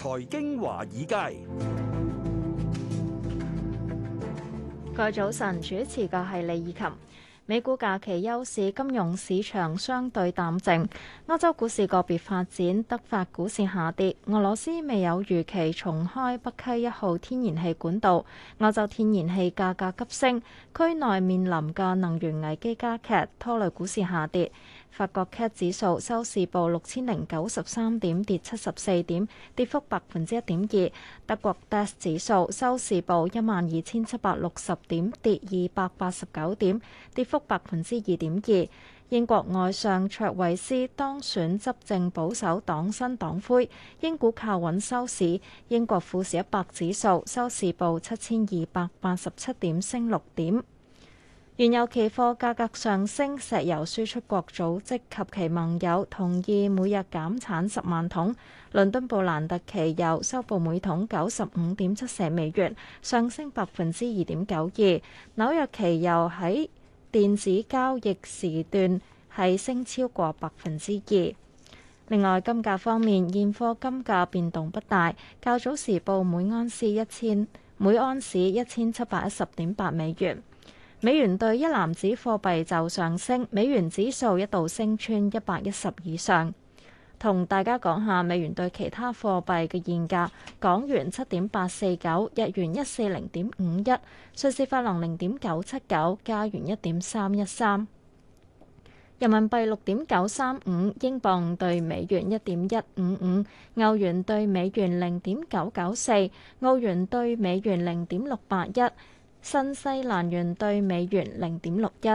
財經華爾街。各位早晨，主持嘅係李以琴。美股假期休市，金融市場相對淡靜。歐洲股市個別發展，德法股市下跌。俄羅斯未有預期重開北溪一號天然氣管道，歐洲天然氣價格急升，區內面臨嘅能源危機加劇，拖累股市下跌。法國 CAC 指數收市報六千零九十三點，跌七十四點，跌幅百分之一點二。德國 DAX 指數收市報一萬二千七百六十點，跌二百八十九點，跌幅百分之二點二。英國外相卓偉斯當選執政保守黨新黨魁，英股靠穩收市。英國富時一百指數收市報七千二百八十七點，升六點。原油期貨價格上升，石油輸出國組織及其盟友同意每日減產十萬桶。倫敦布蘭特期油收報每桶九十五點七四美元，上升百分之二點九二。紐約期油喺電子交易時段係升超過百分之二。另外，金價方面，現貨金價變動不大，較早時報每盎司一千每盎司一千七百一十點八美元。美元兌一籃子貨幣就上升，美元指數一度升穿一百一十以上。同大家講下美元對其他貨幣嘅現價：港元七點八四九，日元一四零點五一，瑞士法郎零點九七九，加元一點三一三，人民幣六點九三五，英鎊對美元一點一五五，歐元對美元零點九九四，澳元對美元零點六八一。新西蘭元兌美元零點六一。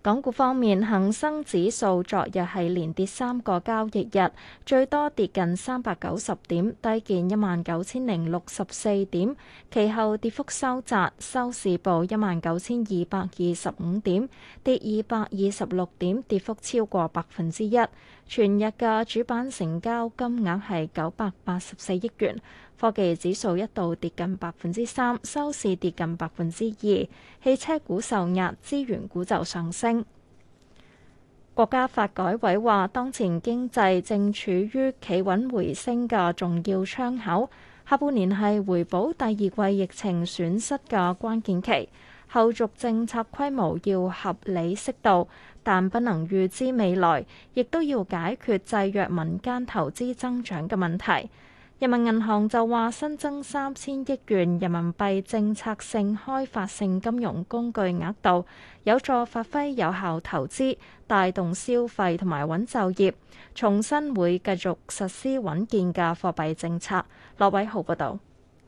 港股方面，恒生指數昨日係連跌三個交易日，最多跌近三百九十點，低見一萬九千零六十四點。其後跌幅收窄，收市報一萬九千二百二十五點，跌二百二十六點，跌幅超過百分之一。全日嘅主板成交金額係九百八十四億元。科技指數一度跌近百分之三，收市跌近百分之二。汽車股受壓，資源股就上升。國家發改委話：當前經濟正處於企穩回升嘅重要窗口，下半年係回補第二季疫情損失嘅關鍵期。後續政策規模要合理適度，但不能預知未來，亦都要解決制約民間投資增長嘅問題。人民銀行就話新增三千億元人民幣政策性開發性金融工具額度，有助發揮有效投資、帶動消費同埋穩就業。重申會繼續實施穩健嘅貨幣政策。羅偉豪報道，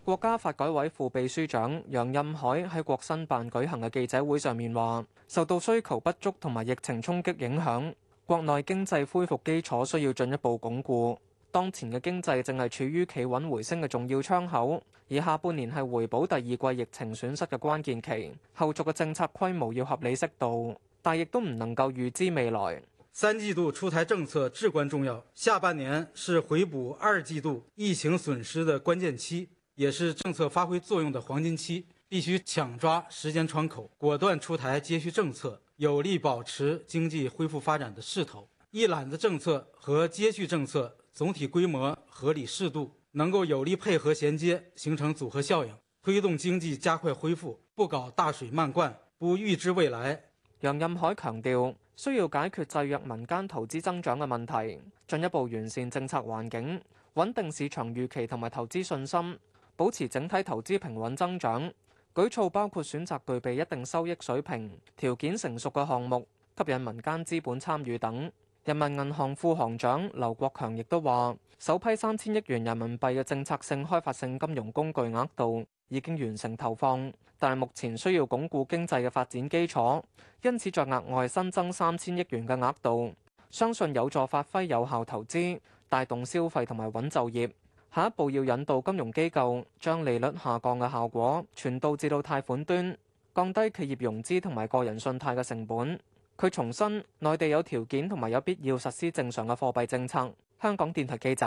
國家發改委副秘書長楊任海喺國新辦舉行嘅記者會上面話：受到需求不足同埋疫情衝擊影響，國內經濟恢復基礎需要進一步鞏固。當前嘅經濟正係處於企穩回升嘅重要窗口，而下半年係回補第二季疫情損失嘅關鍵期，後續嘅政策規模要合理適度，但亦都唔能夠預知未來。三季度出台政策至關重要，下半年是回補二季度疫情損失嘅關鍵期，也是政策發揮作用嘅黃金期，必須搶抓時間窗口，果斷出台接續政策，有力保持經濟恢復發展嘅勢頭。一攬子政策和接續政策。總體規模合理適度，能夠有力配合銜接，形成組合效應，推動經濟加快恢復。不搞大水漫灌，不預支未來。楊任海強調，需要解決制約民間投資增長嘅問題，進一步完善政策環境，穩定市場預期同埋投資信心，保持整體投資平穩增長。舉措包括選擇具備一定收益水平、條件成熟嘅項目，吸引民間資本參與等。人民銀行副行長劉國強亦都話：首批三千億元人民幣嘅政策性開發性金融工具額度已經完成投放，但係目前需要鞏固經濟嘅發展基礎，因此在額外新增三千億元嘅額度，相信有助發揮有效投資、帶動消費同埋穩就業。下一步要引導金融機構將利率下降嘅效果傳導至到貸款端，降低企業融資同埋個人信貸嘅成本。佢重申，內地有條件同埋有必要實施正常嘅貨幣政策。香港電台記者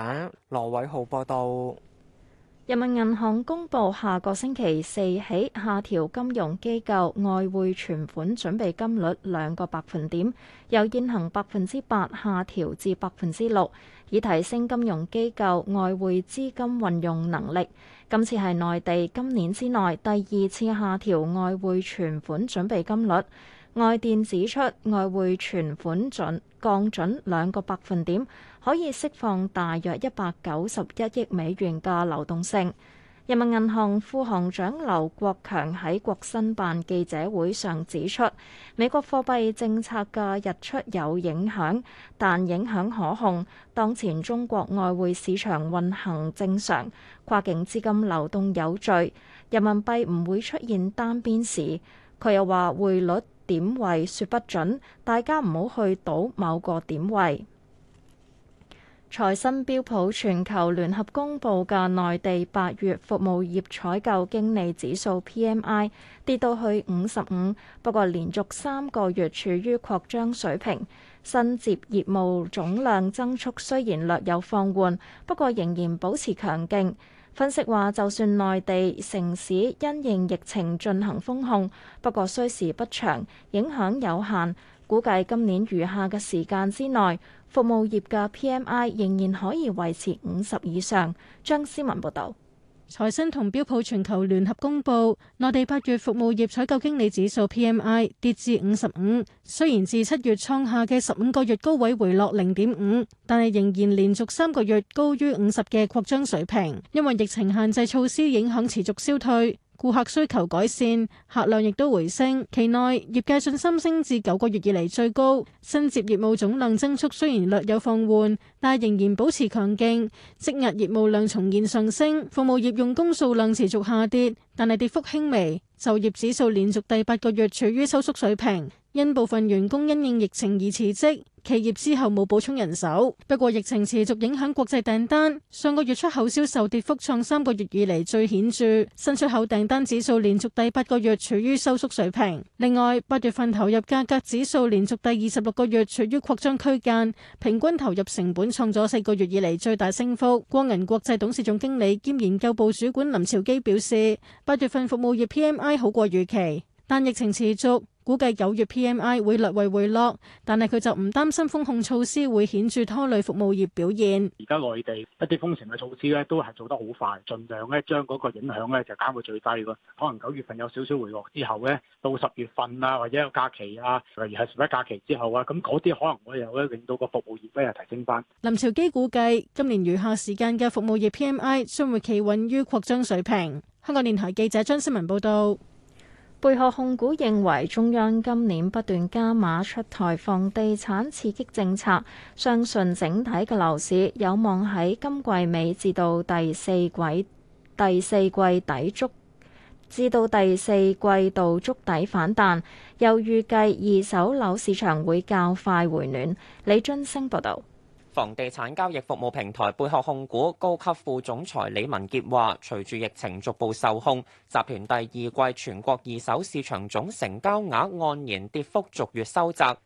羅偉浩報道，人民銀行公佈下個星期四起下調金融機構外匯存款準備金率兩個百分點，由現行百分之八下調至百分之六，以提升金融機構外匯資金運用能力。今次係內地今年之內第二次下調外匯存款準備金率。外電指出，外匯存款準降準兩個百分點，可以釋放大約一百九十一億美元嘅流動性。人民銀行副行長劉國強喺國新辦記者會上指出，美國貨幣政策嘅日出有影響，但影響可控。當前中國外匯市場運行正常，跨境資金流動有序，人民幣唔會出現單邊市。佢又話匯率。點位説不準，大家唔好去賭某個點位。財新標普全球聯合公佈嘅內地八月服務業採購經理指數 P M I 跌到去五十五，不過連續三個月處於擴張水平，新接業務總量增速雖然略有放緩，不過仍然保持強勁。分析話，就算內地城市因應疫情進行封控，不過需時不長，影響有限，估計今年餘下嘅時間之內，服務業嘅 PMI 仍然可以維持五十以上。張思文報導。財新同標普全球聯合公布，內地八月服務業採購經理指數 PMI 跌至五十五，雖然自七月創下嘅十五個月高位回落零點五，但係仍然連續三個月高於五十嘅擴張水平，因為疫情限制措施影響持續消退。顧客需求改善，客量亦都回升。期內業界信心升至九個月以嚟最高，新接業務總量增速雖然略有放緩，但仍然保持強勁。積壓業務量重現上升，服務業用工數量持續下跌，但係跌幅輕微。就業指數連續第八個月處於收縮水平，因部分員工因應疫情而辭職。企業之後冇補充人手，不過疫情持續影響國際訂單。上個月出口銷售，售跌幅創三個月以嚟最顯著，新出口訂單指數連續第八個月處於收縮水平。另外，八月份投入價格指數連續第二十六個月處於擴張區間，平均投入成本創咗四個月以嚟最大升幅。光銀國際董事總經理兼研究部主管林朝基表示：八月份服務業 PMI 好過預期，但疫情持續。估計九月 PMI 會略為回落，但係佢就唔擔心風控措施會顯著拖累服務業表現。而家內地一啲封城嘅措施咧，都係做得好快，盡量咧將嗰個影響咧就減到最低。可能九月份有少少回落之後咧，到十月份啊，或者有假期啊，例如係十一啊假期之後啊，咁嗰啲可能會有咧，令到個服務業咧又提升翻。林兆基估計今年餘下時間嘅服務業 PMI 將會企穩於擴張水平。香港電台記者張思文報道。貝殼控股認為，中央今年不斷加碼出台房地產刺激政策，相信整體嘅樓市有望喺今季尾至到第四季第四季底觸至到第四季度觸底反彈，又預計二手樓市場會較快回暖。李津升報道，道。房地產交易服務平台貝殼控股高級副總裁李文杰話，隨住疫情逐步受控，集團第二季全國二手市場總成交額按年跌幅逐月收窄。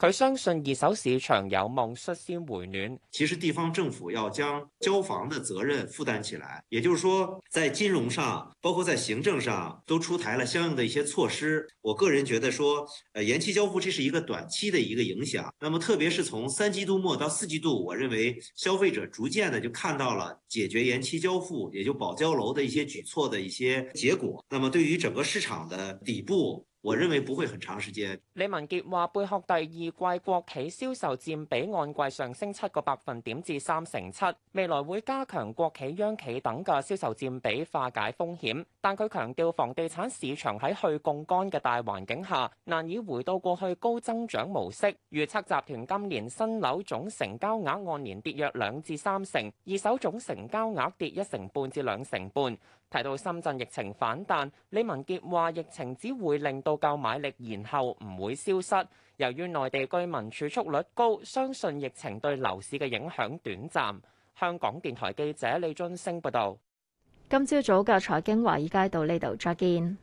他相信二手市場有望率先回暖。其實地方政府要將交房的責任負擔起來，也就是說，在金融上，包括在行政上，都出臺了相應的一些措施。我個人覺得說，呃，延期交付這是一個短期的一個影響。那麼特別是從三季度末到四季度，我認為消費者逐漸的就看到了解決延期交付，也就是保交樓的一些舉措的一些結果。那麼對於整個市場的底部。我認為不會很長時間。李文杰話：貝殼第二季國企銷售占比按季上升七個百分點至三成七，未來會加強國企、央企等嘅銷售占比化解風險。但佢強調，房地產市場喺去槓桿嘅大環境下，難以回到過去高增長模式。預測集團今年新樓總成交額按年跌約兩至三成，二手總成交額跌一成半至兩成半。提到深圳疫情反彈，李文杰話：疫情只會令。到購買力延後唔會消失，由於內地居民儲蓄率高，相信疫情對樓市嘅影響短暫。香港電台記者李津升報道。今朝早嘅財經華爾街到呢度，再見。